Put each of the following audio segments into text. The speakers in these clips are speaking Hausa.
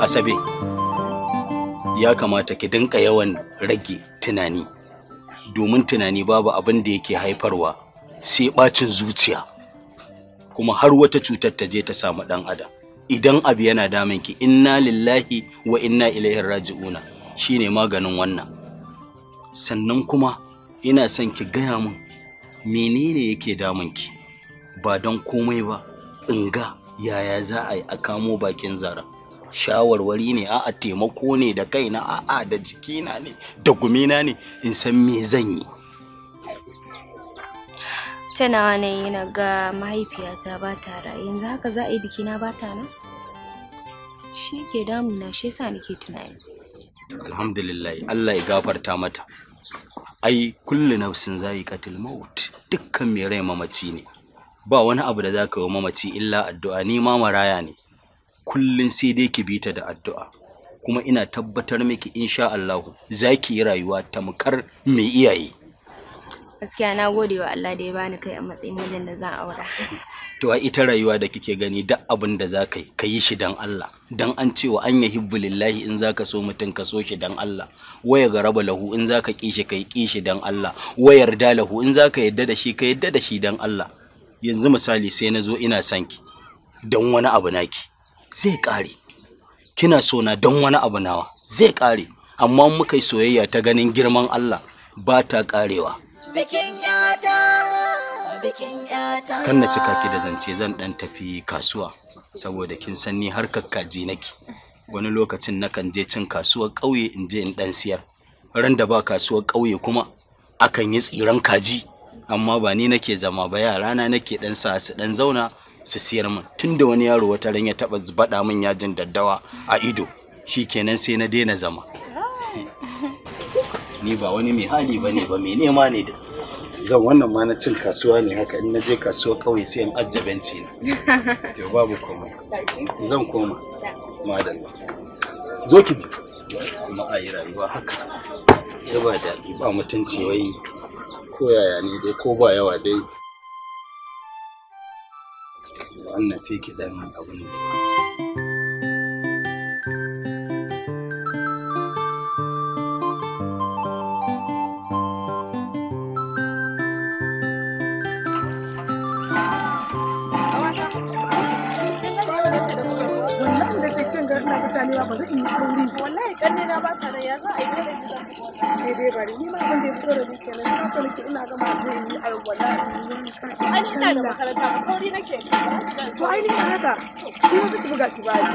asabe ya kamata ki dinka yawan rage tunani domin tunani babu abin da yake haifarwa sai bacin zuciya kuma har wata cutar ta je ta samu dan adam idan abu yana damun ki inna lillahi wa inna ilaihi raji'una shine maganin wannan sannan kuma ina son ki gaya min menene yake damun ki ba don komai ba in ga yaya za a yi a kamo bakin zaren shawarwari ne a'a taimako ne da kaina a'a da jikina ne da gumina ne in san me zan yi tana ne yana ga mahaifiyata ba ta da yanzu haka za a yi biki na ba ta nan shi ke damuna shi yasa nake tunani alhamdulillah Allah ya gafarta mata ai kullu nafsin zai Katil, maut dukkan mai rai mamaci ne ba wani abu da zaka yi mamaci illa addu'a ni ma maraya ne kullum sai dai ki bi ta da addu'a kuma ina tabbatar miki insha Allah za ki yi rayuwa tamkar mai iyaye gaskiya na gode wa Allah da ya bani kai a matsayin mijin da zan aura to a ita rayuwa da kike gani duk abin da za ka yi ka shi dan Allah dan an cewa an hibbu lillahi in zaka so mutun ka so shi dan Allah waya raba lahu in zaka ki shi kai ki shi dan Allah wayar yarda lahu in zaka yadda da shi ka yadda da shi dan Allah yanzu misali sai na zo ina son ki dan wani abu naki zai ƙare kina so na don wani abu nawa zai ƙare amma muka yi soyayya ta ganin girman Allah ba ta ƙarewa bikin yata bikin yata kan na cika ki da zance zan ɗan tafi kasuwa saboda kin san ni harkar kaji nake wani lokacin nakan je cin kasuwar ƙauye in je in ɗan siyar ran da ba kasuwar ƙauye kuma akan yi tsiran kaji amma ba ni nake zama ba yarana nake ɗan sa su dan zauna su siyar min tunda wani yaro wata ran ya taba bada min yajin daddawa a ido shikenan sai na daina zama ni ba wani mai hali ba ne ba mai nema ne da zan wannan ma na cin kasuwa ne haka in na je kasuwa kawai sai in ajiye benci na to babu komai zan koma madalla zo ki ji kuma a yi rayuwa haka ba da ba mutunci wai ko yaya ne dai ko ba yawa dai to sai ki dan abin da ni ba zan yi sauri wallahi kanne na ba sa rai ya za a yi da gidan ne dai bari ni ma ban da ya fito da ni kenan na so nake ina gama zai yi ai wallahi ai ina da makaranta ba sauri nake to ai ni haka ki wasu ki buga ki bayi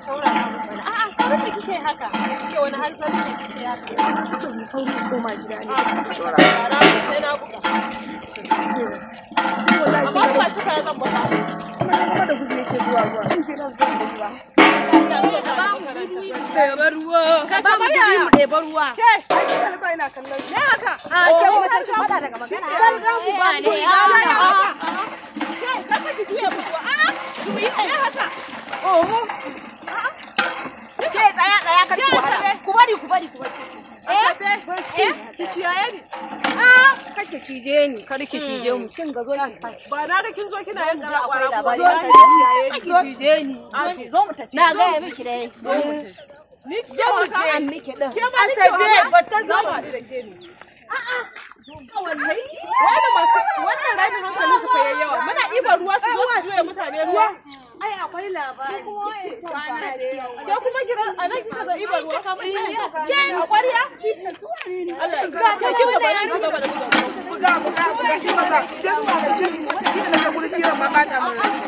saurara a a sauri da kike haka kike wani har sauri da kike haka so ni sauri ko ma gida ne saurara sai na buga amma ba cika zan buga kuma da gudu yake zuwa zuwa in ki zuwa Ka ku bari ku bari ku bari. Eh? kake eh? ah! cije ni. Karki cije mu. Kin ga zo ki. Ba na ga kin zo kina yan gara kwara ko zo ki cije ni. Ah, zo mu tafi. Na ga miki dai. Zo mu eh. tafi. Ni mu ce an miki din. Asabe ba ta zo ba da ke ni. A'a. Wannan masu wannan ramin hankali su fa yayyawa. Muna ɗiban ruwa su zo su juya mutane ruwa. ai akwai labari ke kuma a nan kika zaɓi ba ruwa jen a ga ta ci gaba da buga buga buga da na ta kuri shi ba ta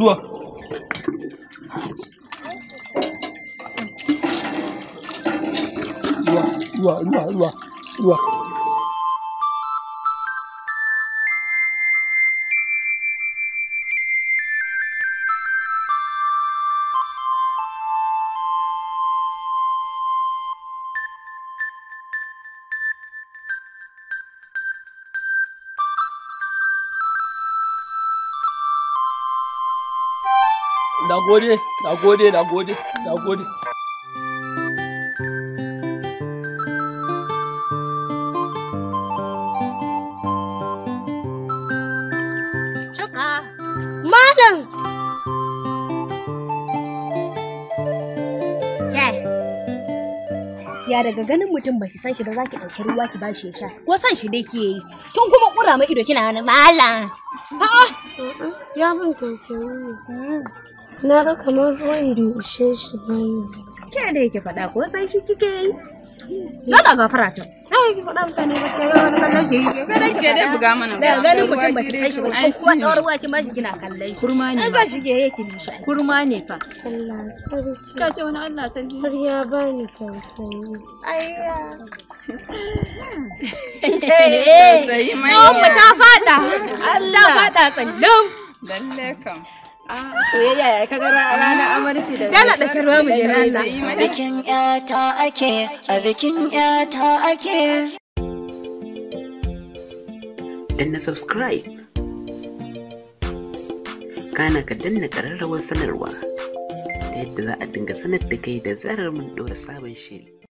哇！哇！哇！哇！哇！na gode na gode na gode na gode Ya daga ganin mutum ba ki san shi ba za ki ɗauki ruwa ki ba shi ya sha ko san shi dai ke yi tun kuma ƙura ma ido kina wani malam. A'a! Ya mun tausayi na ga kamar ruwan da ishe shi ba ke da yake faɗa ko sai shi kike yi Gana gafara ta. Ai ki faɗa mutane gaskiya ga wani kallon shi yake. Kada ki dai buga mana. Da mutum ba ki san shi ba kin kuwa tsawar ruwa kin kina kallon shi. Kurma ne. Sai shi ke yake ni shi. Kurma ne fa. Allah sarki. Ka ce wani Allah sarki. Har ya bani tausayi. Ayya. Tausayi mai. Mu ta faɗa. Allah faɗa tsallam. soyayya ya kaga ranar amarci da dala da kirwa mu jirana bikin ake a bikin yata ake danna subscribe kana ka danna kararrawar sanarwa ta yadda za a dinga sanar da kai da zarar mun ɗora sabon shiri